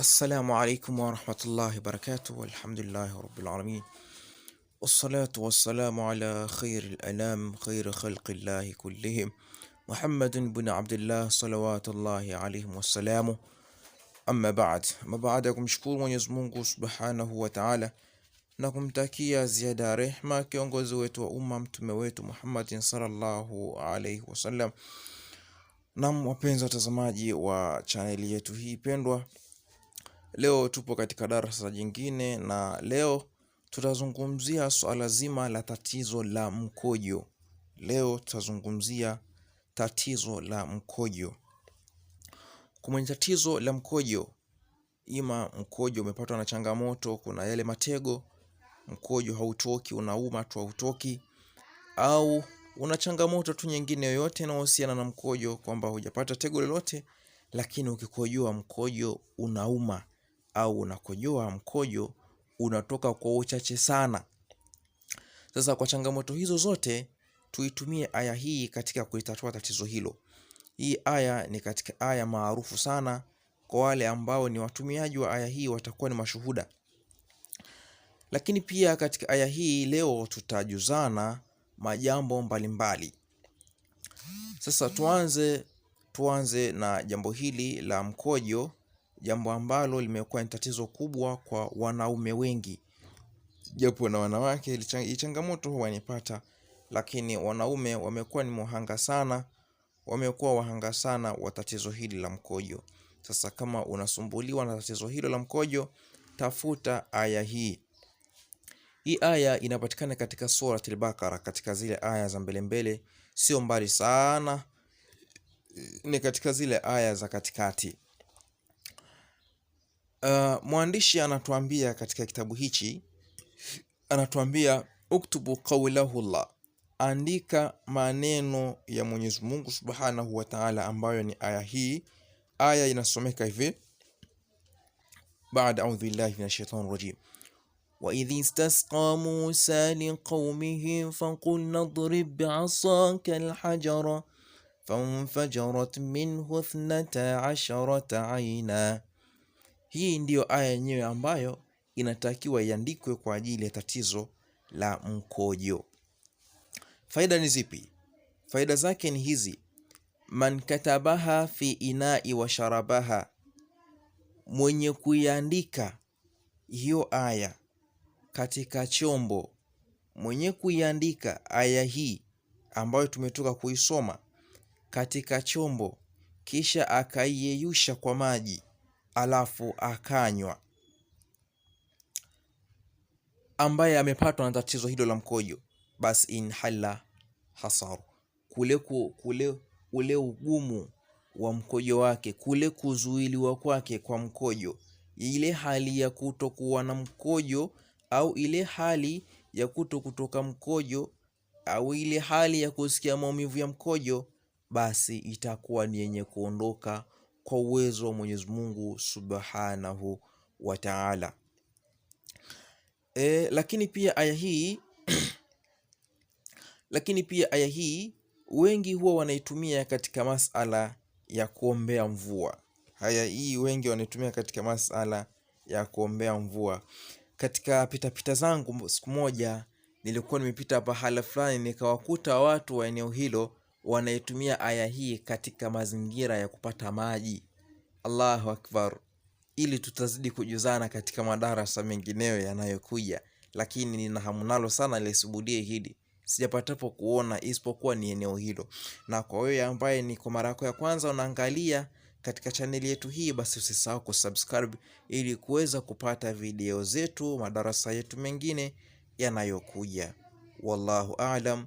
السلام عليكم ورحمة الله وبركاته والحمد لله رب العالمين والصلاة والسلام على خير الأنام خير خلق الله كلهم محمد بن عبد الله صلوات الله عليهم والسلام أما بعد ما بعدكم شكور من سبحانه وتعالى نكم تاكية زيادة رحمة كيونغوزويت وأمم تمويت محمد صلى الله عليه وسلم نعم وبين زوت زماجي وشانيلي يتوهي بيندوه Leo tupo katika darasa jingine na leo tutazungumzia swala zima la tatizo la mkojo. Leo tutazungumzia tatizo la mkojo. Kwenye tatizo la mkojo, ima mkojo umepatwa na changamoto, kuna yale matego, mkojo hautoki, unauma tu hautoki, au una changamoto tu nyingine yoyote inayohusiana na mkojo, kwamba hujapata tego lolote, lakini ukikojoa mkojo unauma au unakojoa mkojo unatoka kwa uchache sana. Sasa kwa changamoto hizo zote tuitumie aya hii katika kuitatua tatizo hilo. Hii aya ni katika aya maarufu sana kwa wale ambao ni watumiaji wa aya hii watakuwa ni mashuhuda. Lakini pia katika aya hii leo tutajuzana majambo mbalimbali. Sasa tuanze tuanze na jambo hili la mkojo jambo ambalo limekuwa ni tatizo kubwa kwa wanaume wengi, japo na wanawake changamoto huwa inipata, lakini wanaume wamekuwa ni muhanga sana, wamekuwa wahanga sana wa tatizo hili la mkojo. Sasa kama unasumbuliwa na tatizo hilo la mkojo, tafuta aya hii. Hii aya inapatikana katika Suratul Baqara, katika zile aya za mbele mbele, sio mbali sana, ni katika zile aya za katikati. Uh, mwandishi anatuambia katika kitabu hichi anatuambia uktubu llah andika maneno ya Mwenyezi Mungu Subhanahu wa Ta'ala ambayo ni aya hii aya inasomeka hivi baada a'udhu billahi minash shaitani rajim wa idh istasqa Musa liqaumihi faqulna idrib bi'asaka al-hajara فانفجرت منه اثنتا عشرة hii ndiyo aya yenyewe ambayo inatakiwa iandikwe kwa ajili ya tatizo la mkojo. Faida ni zipi? Faida zake ni hizi: man katabaha fi inai wa sharabaha, mwenye kuiandika hiyo aya katika chombo, mwenye kuiandika aya hii ambayo tumetoka kuisoma katika chombo, kisha akaiyeyusha kwa maji alafu akanywa, ambaye amepatwa na tatizo hilo la mkojo, basi inhala hasaru, kule, kule ule ugumu wa mkojo wake, kule kuzuiliwa kwake kwa mkojo, ile hali ya kutokuwa na mkojo au ile hali ya kuto kutoka mkojo au ile hali ya kusikia maumivu ya mkojo, basi itakuwa ni yenye kuondoka kwa uwezo wa Mwenyezi Mungu Subhanahu wa Ta'ala. E, lakini pia aya hii lakini pia aya hii wengi huwa wanaitumia katika masala ya kuombea mvua. Aya hii wengi wanaitumia katika masala ya kuombea mvua. Katika pitapita pita zangu siku moja nilikuwa nimepita pahala fulani nikawakuta watu wa eneo hilo wanaitumia aya hii katika mazingira ya kupata maji. Allahu akbar! Ili tutazidi kujuzana katika madarasa mengineyo yanayokuja, lakini nina hamu nalo sana lisubudie hili sijapatapo kuona isipokuwa ni eneo hilo. Na kwa wewe ambaye ni kwa mara yako ya kwanza unaangalia katika chaneli yetu hii, basi usisahau kusubscribe ili kuweza kupata video zetu, madarasa yetu mengine yanayokuja. Wallahu alam